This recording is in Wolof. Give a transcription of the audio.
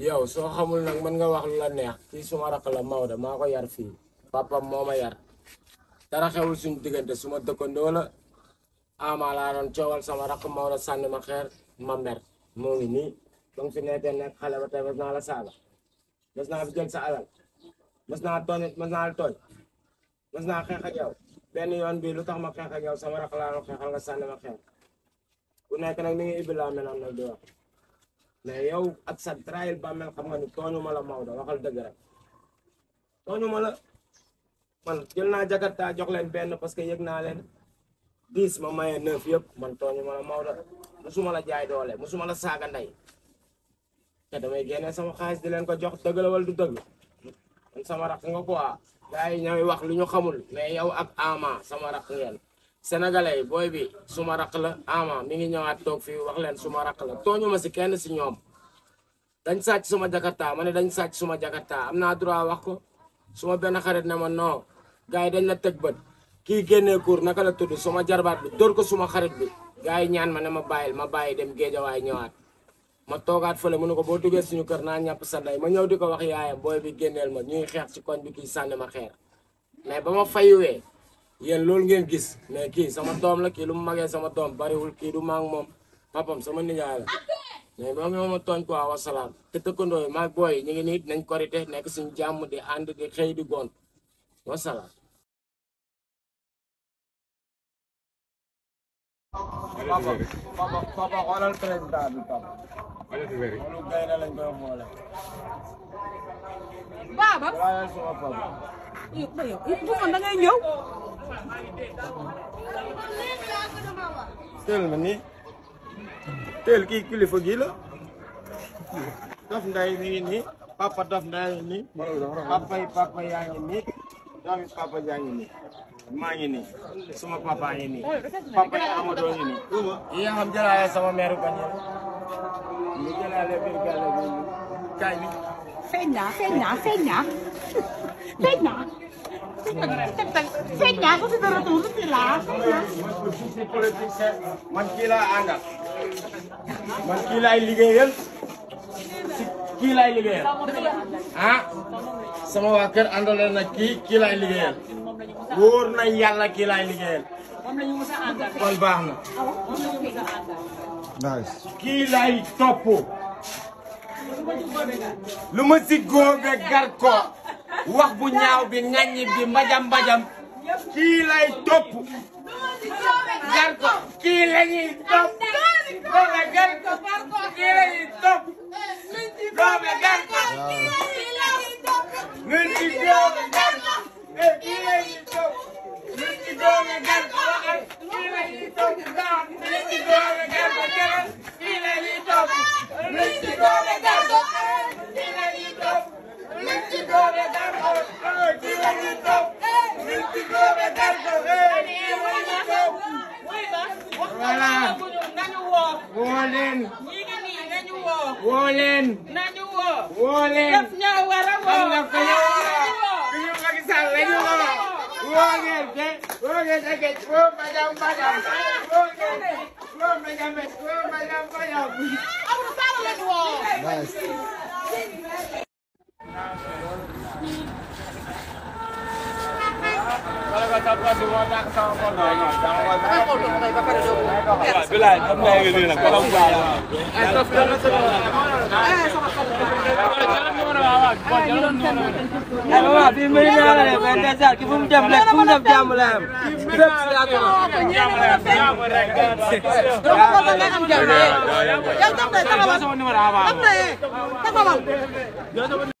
yow soo xamul nag mën nga wax la neex kii suma rakk la Maodo maa ko yar fii papam moo ma yar dara xewul suñ diggante suma dëkkandoo la ama laa doon coowal sama rakk Maodo sànni ma xeer ma mer ngi nii ba nga fi nekkee nekk mas naa la saaga mas naa fi jël sa alal mas naa tooñ mas naa la tooñ mas benn yoon bii lu tax ma xeex yow sama rakk laa doon nga sànni ma xeer ku nekk nag mi ngi ibbi laa meloon di wax mais yow ak sa trahil bàmmeel xam nga ni tooñu ma la Maodo waxal dëgg rek tooñu ma la man jël naa jakarta jox leen benn parce que yëg naa leen dix ma maye neuf yëpp man tooñu ma la Maodo musuma la jaay doole musuma la saaga ndey te damay génne sama xaalis di leen ko jox dëgg wala du dëgg man sama rakk nga quoi gars yi ñooy wax lu ñu xamul mais yow ak Ama sama rakk ngeen. sénégalais booy bi suma raq la ama mi ngi ñawaat toog fii wax leen suma raq la tooñu ma si kenn si ñoom dañ sàcc suma jakarta ma ne dañ sàcc suma jakarta am naa droit wax ko suma benn xarit ne ma noo gars yi dañ la teg bët kii génnee kuur naka la tudd suma jarbaat bi dóor ko suma xarit bi gars yi ñaan ma ne ma bàyyil ma bàyyi dem géeja waaye ñëwaat ma toogaat fële mu ne ko boo duggee suñu kër naa ñàpp sa ndey ma ñëw di ko wax yaayam booy bi génneel ma ñuy xeex ci koñ bi kii ma xeer yéen loolu ngeen gis ne kii sama doom la kii lu mu magee sama doom bariwul kii du maag moom papam sama nijaay la mais moom moo ma tooñ quoi wasalaam te tëkkandoo yi maag booy ñu ngi nii nañ korite nekk suñu jàmm di ànd di xëy di gont wasalaam. baba. waaye sama papa. yow da ngay ñëw. teel ma nii teel kii kilifa gi la daf nday mi ngi papa daf nday nii papa yi papa yaa ngi nii doomi papa yaa ngi nii maa ngi suma papa ngi nii papa yi Amadou ngi nii yi nga xam sama meeru bañ mu jëlaale biir gàlle bi kaay bi feeñ naa feeñ naa feeñ naa sëñ naa ko fi si laa. si man kii laa man kii laay si kii laay liggéeyal sama waa kër àndaloon na kii kii laay liggéeyal na yàlla kii laay liggéeyal baax na. kii laay lu ma si góobee gar ko. wax bu ñaaw bi ŋaññi bi mbajam mbajam kii lay topp gar kii la topp doome kii la topp voilà nañu woo. woo leen. ñi ngi nii nañu woo. woo leen. nañu woo. woo leen. daf ñoo war a woo. am na ku ñu woo. ku ñu Macky Sall la ñu woo. woo ngeen de. woo ngeen de gëj. woo madame madame. woo ngeen de. woo madame woo madame madame. amul faara la ñu woo. waaw bilaay am naa yëngu nii nag ba xam baax na. waaw waaw fii mbiri naa la de mais déjà ki fu mu dem rek fu mu dem jàmm la yem. fépp si laa ko am. jàmm la yem.